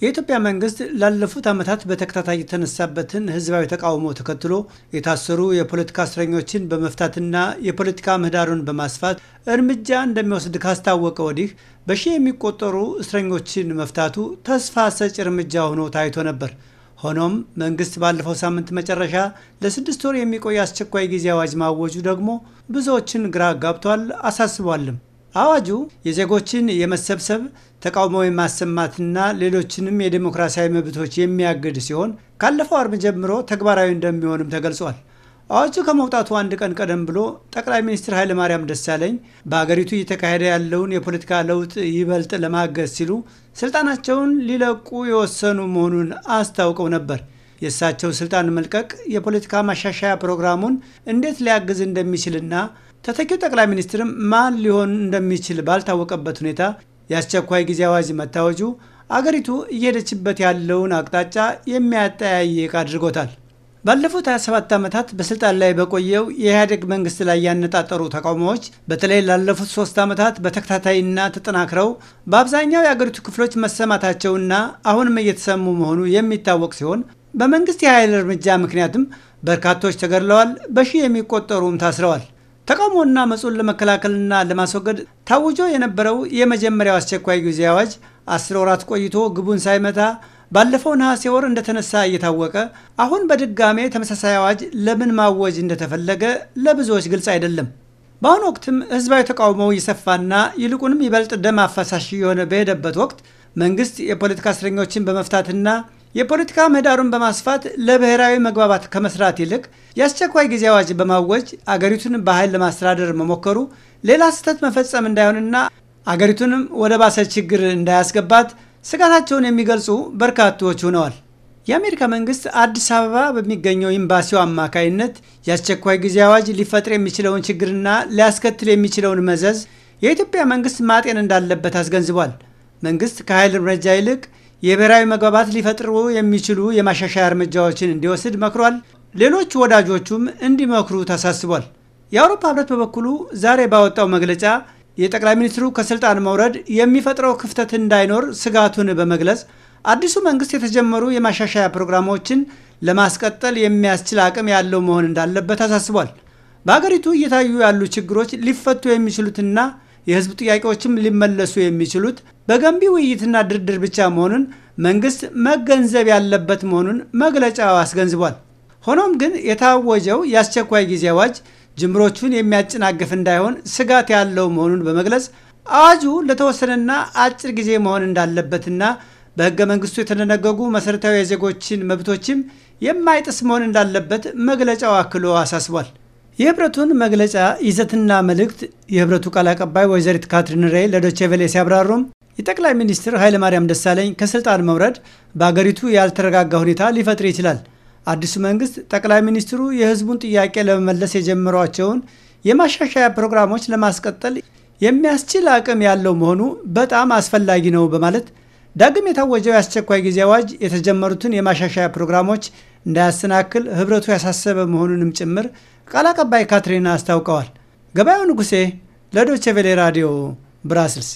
የኢትዮጵያ መንግስት ላለፉት ዓመታት በተከታታይ የተነሳበትን ህዝባዊ ተቃውሞ ተከትሎ የታሰሩ የፖለቲካ እስረኞችን በመፍታትና የፖለቲካ ምህዳሩን በማስፋት እርምጃ እንደሚወስድ ካስታወቀ ወዲህ በሺህ የሚቆጠሩ እስረኞችን መፍታቱ ተስፋ ሰጭ እርምጃ ሆኖ ታይቶ ነበር። ሆኖም መንግስት ባለፈው ሳምንት መጨረሻ ለስድስት ወር የሚቆይ አስቸኳይ ጊዜ አዋጅ ማወጁ ደግሞ ብዙዎችን ግራ ጋብቷል፣ አሳስቧልም። አዋጁ የዜጎችን የመሰብሰብ ተቃውሞ የማሰማትና ሌሎችንም የዴሞክራሲያዊ መብቶች የሚያግድ ሲሆን ካለፈው አርብ ጀምሮ ተግባራዊ እንደሚሆንም ተገልጿል። አዋጁ ከመውጣቱ አንድ ቀን ቀደም ብሎ ጠቅላይ ሚኒስትር ኃይለማርያም ደሳለኝ በሀገሪቱ እየተካሄደ ያለውን የፖለቲካ ለውጥ ይበልጥ ለማገዝ ሲሉ ስልጣናቸውን ሊለቁ የወሰኑ መሆኑን አስታውቀው ነበር። የእሳቸው ስልጣን መልቀቅ የፖለቲካ ማሻሻያ ፕሮግራሙን እንዴት ሊያግዝ እንደሚችልና ተተኪው ጠቅላይ ሚኒስትርም ማን ሊሆን እንደሚችል ባልታወቀበት ሁኔታ የአስቸኳይ ጊዜ አዋጅ መታወጁ አገሪቱ እየሄደችበት ያለውን አቅጣጫ የሚያጠያይቅ አድርጎታል። ባለፉት 27 ዓመታት በስልጣን ላይ በቆየው የኢህአዴግ መንግስት ላይ ያነጣጠሩ ተቃውሞዎች በተለይ ላለፉት ሶስት ዓመታት በተከታታይና ተጠናክረው በአብዛኛው የአገሪቱ ክፍሎች መሰማታቸውና አሁንም እየተሰሙ መሆኑ የሚታወቅ ሲሆን በመንግስት የኃይል እርምጃ ምክንያትም በርካቶች ተገድለዋል፣ በሺህ የሚቆጠሩም ታስረዋል። ተቃውሞና መጽን ለመከላከልና ለማስወገድ ታውጆ የነበረው የመጀመሪያው አስቸኳይ ጊዜ አዋጅ አስር ወራት ቆይቶ ግቡን ሳይመታ ባለፈው ነሐሴ ወር እንደተነሳ እየታወቀ አሁን በድጋሜ ተመሳሳይ አዋጅ ለምን ማወጅ እንደተፈለገ ለብዙዎች ግልጽ አይደለም። በአሁኑ ወቅትም ህዝባዊ ተቃውሞው ይሰፋና ይልቁንም ይበልጥ ደም አፋሳሽ የሆነ በሄደበት ወቅት መንግስት የፖለቲካ እስረኞችን በመፍታትና የፖለቲካ ምህዳሩን በማስፋት ለብሔራዊ መግባባት ከመስራት ይልቅ የአስቸኳይ ጊዜ አዋጅ በማወጅ አገሪቱን በኃይል ለማስተዳደር መሞከሩ ሌላ ስህተት መፈጸም እንዳይሆንና አገሪቱንም ወደ ባሰ ችግር እንዳያስገባት ስጋታቸውን የሚገልጹ በርካቶች ሆነዋል። የአሜሪካ መንግስት አዲስ አበባ በሚገኘው ኤምባሲው አማካይነት የአስቸኳይ ጊዜ አዋጅ ሊፈጥር የሚችለውን ችግርና ሊያስከትል የሚችለውን መዘዝ የኢትዮጵያ መንግስት ማጤን እንዳለበት አስገንዝቧል። መንግስት ከኃይል እርምጃ ይልቅ የብሔራዊ መግባባት ሊፈጥሩ የሚችሉ የማሻሻያ እርምጃዎችን እንዲወስድ መክሯል። ሌሎች ወዳጆቹም እንዲመክሩ ተሳስቧል። የአውሮፓ ህብረት በበኩሉ ዛሬ ባወጣው መግለጫ የጠቅላይ ሚኒስትሩ ከስልጣን መውረድ የሚፈጥረው ክፍተት እንዳይኖር ስጋቱን በመግለጽ አዲሱ መንግስት የተጀመሩ የማሻሻያ ፕሮግራሞችን ለማስቀጠል የሚያስችል አቅም ያለው መሆን እንዳለበት አሳስቧል። በአገሪቱ እየታዩ ያሉ ችግሮች ሊፈቱ የሚችሉትና የህዝብ ጥያቄዎችም ሊመለሱ የሚችሉት በገንቢ ውይይትና ድርድር ብቻ መሆኑን መንግስት መገንዘብ ያለበት መሆኑን መግለጫው አስገንዝቧል። ሆኖም ግን የታወጀው የአስቸኳይ ጊዜ አዋጅ ጅምሮቹን የሚያጨናግፍ እንዳይሆን ስጋት ያለው መሆኑን በመግለጽ አዋጁ ለተወሰነና አጭር ጊዜ መሆን እንዳለበትና በህገ መንግስቱ የተደነገጉ መሠረታዊ የዜጎችን መብቶችም የማይጥስ መሆን እንዳለበት መግለጫው አክሎ አሳስቧል። የህብረቱን መግለጫ ይዘትና መልእክት የህብረቱ ቃል አቀባይ ወይዘሪት ካትሪን ሬይ ለዶቼቬሌ ሲያብራሩም የጠቅላይ ሚኒስትር ኃይለማርያም ደሳለኝ ከስልጣን መውረድ በአገሪቱ ያልተረጋጋ ሁኔታ ሊፈጥር ይችላል። አዲሱ መንግስት ጠቅላይ ሚኒስትሩ የህዝቡን ጥያቄ ለመመለስ የጀመሯቸውን የማሻሻያ ፕሮግራሞች ለማስቀጠል የሚያስችል አቅም ያለው መሆኑ በጣም አስፈላጊ ነው በማለት ዳግም የታወጀው የአስቸኳይ ጊዜ አዋጅ የተጀመሩትን የማሻሻያ ፕሮግራሞች እንዳያሰናክል ህብረቱ ያሳሰበ መሆኑንም ጭምር ቃል አቀባይ ካትሪና አስታውቀዋል። ገበያው ንጉሴ ለዶቼ ራዲዮ ብራስልስ